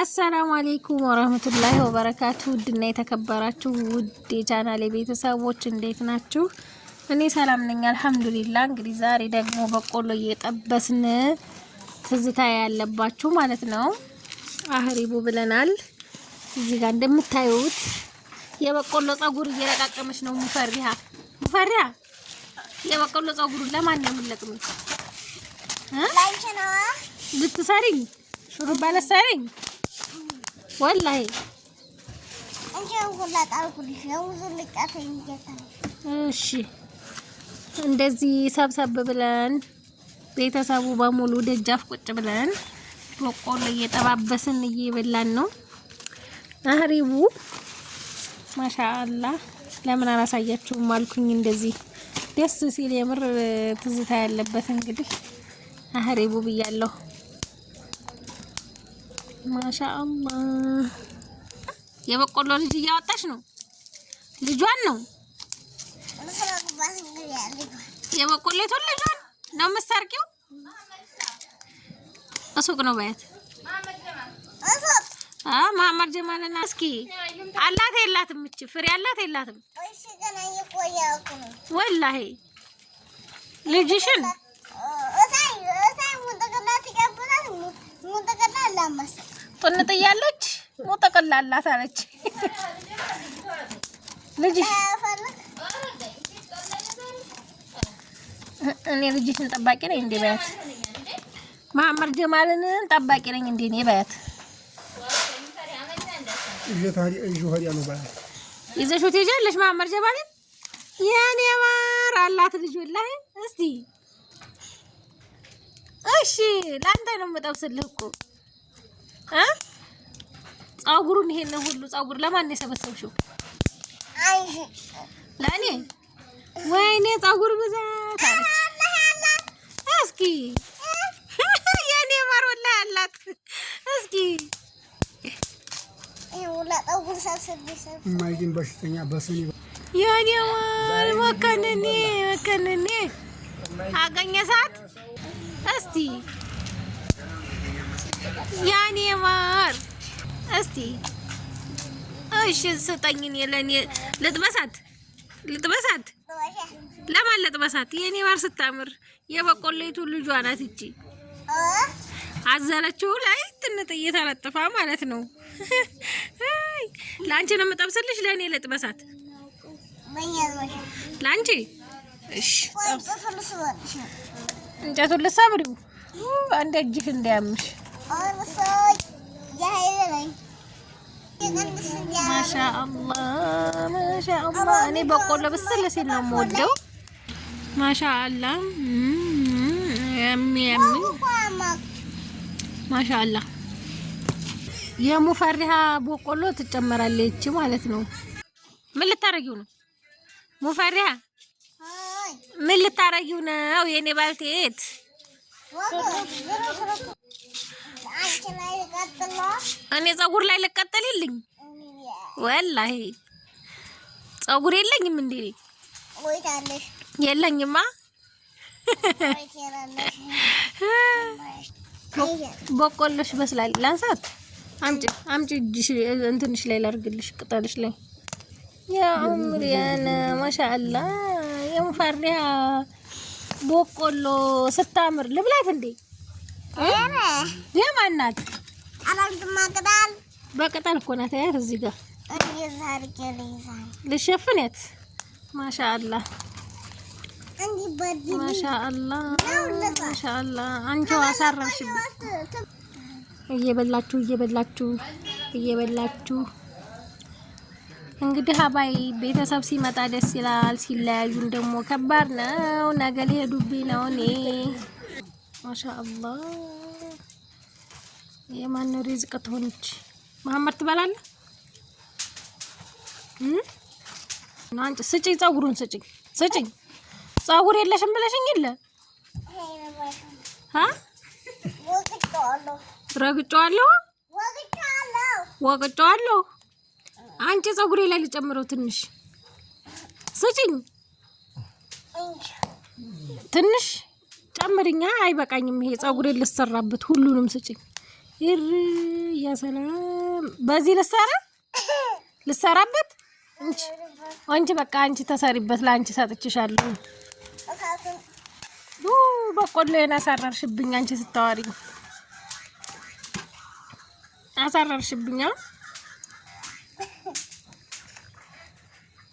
አሰላሙ አሌይኩም ወረህመቱላሂ ወበረካቱ። ውድና የተከበራችሁ ውድ የቻናሌ ቤተሰቦች እንዴት ናችሁ? እኔ ሰላም ነኝ አልሐምዱሊላ። እንግዲህ ዛሬ ደግሞ በቆሎ እየጠበስን ትዝታ ያለባችሁ ማለት ነው አህሪቡ ብለናል። እዚህ ጋር እንደምታዩት የበቆሎ ጸጉር እየለቃቀመች ነው ሙፈሪያ። ሙፈሪያ የበቆሎ ጸጉሩ ለማን ነው የምንለቅመው? ልትሰሪኝ ሹሩባ ለሰሪኝ ወላሂ እሺ እንደዚህ ሰብሰብ ብለን ቤተሰቡ በሙሉ ደጃፍ ቁጭ ብለን በቆሎ እየጠባበስን እየበላን ነው። አህሪቡ ማሻአላህ ለምን አላሳያችሁም አልኩኝ። እንደዚህ ደስ ሲል የምር ትዝታ ያለበት እንግዲህ አህሪቡ ብያለሁ። ማሻአላህ የበቆሎ ልጅ እያወጣች ነው። ልጇን ነው የበቆሎቱን ልጇን ነው የምትሰርቂው። እሱቅ ነው በያት መሀመድ ጀማልና እስኪ አላት የላትም? እች ፍሬ አላት የላትም? ወላሂ ልጅሽን ጥንጥ እያለች ሞጠቅላላት አለች። ልጅሽ እኔ ልጅሽን ጠባቂ ነኝ እንዴ በያት። መሀመድ ጀማልን ጠባቂ ነኝ እንዴ እኔ በያት። ይዘሽው ትሄጃለሽ መሀመድ ጀማልን የኔ ማር አላት ልጅ ወላሂ። እስቲ እሺ ለአንተ ነው የምጠብስልህ እኮ ጸጉሩን ይሄን ነው ሁሉ ጸጉር ለማን የሰበሰብሽው? ለእኔ ወይኔ ጸጉር ብዛት አለች። እስኪ የኔ ማር ወላ ያላት እስኪ እማይግን በሽተኛ በስኒ የኔ ማር መከነኔ መከነኔ አገኘ ሰዓት እስቲ ያኔ ማር እስቲ እሺ ስጠኝ። እኔ ልጥበሳት ልጥበሳት ለማን ልጥበሳት? የኔ ማር ስታምር የበቆሌቱ ልጇ ናት እቺ አዘለችው ላይ ትንጥዬ ተለጥፋ ማለት ነው። ለአንቺ ነው የምጠብስልሽ፣ ለእኔ ልጥበሳት ለአንቺ እንጨቱን ልሳብሪው አንድ እጅህ እንዳያምሽ ማሻአላ ማሻአላ። እኔ በቆሎ ብስል ሲል ነው የምወደው። ማሻአላ የሚያምን ማሻአላ። የሙፈሪሃ በቆሎ ትጨመራለች ማለት ነው። ምን ልታረጊው ነው ሙፈሪሃ? ምን ልታረጊው ነው የኔ ባልቴት? እኔ ጸጉር ላይ ልቀጠልልኝ ወላሂ ጸጉር የለኝም እንዴ? የለኝማ። በቆሎሽ መስላል። ላንሳት? አምጪ አምጪ። እጅሽ እንትንሽ ላይ ላርግልሽ ቅጠልሽ ላይ ያ ኡምሪያና ማሻአላ የሙፈሪያ በቆሎ ስታምር ልብላት እንዴ? የማን ናት? በቅጠል እኮ ናት። አያት እዚህ ጋር ልሸፍኔት። ማሻአላ ማሻአላ ማሻአላ። አንቺው እየበላችሁ እየበላችሁ እየበላችሁ እንግዲህ አባይ ቤተሰብ ሲመጣ ደስ ይላል። ሲለያዩን ደግሞ ከባድ ነው። ነገ ሊሄዱብኝ ነው እኔ ማሻ አላህ የማን ሪዝቅ ትሆነች። መሀመድ ትበላለህ? አንቺ ስጭኝ፣ ጸጉሩን ስጭኝ፣ ስጭኝ። ጸጉር የለሽም ብለሽኝ የለ ረግጫዋለሁ፣ ወቅጫዋለሁ። አንቺ ጸጉሬ ላይ ልጨምረው ትንሽ ስጭኝ፣ ትንሽ ጨምርኛ አይበቃኝም። ይሄ ጸጉሬ ልሰራበት ሁሉንም ስጭኝ። ይር ያ ሰላም በዚህ ልሰራ ልሰራበት እንጂ አንቺ በቃ አንቺ ተሰሪበት ለአንቺ ሰጥችሻለሁ። ዱ በቆሎ የና አሳረርሽብኝ። አንቺ ስታዋሪ አሳረርሽብኛ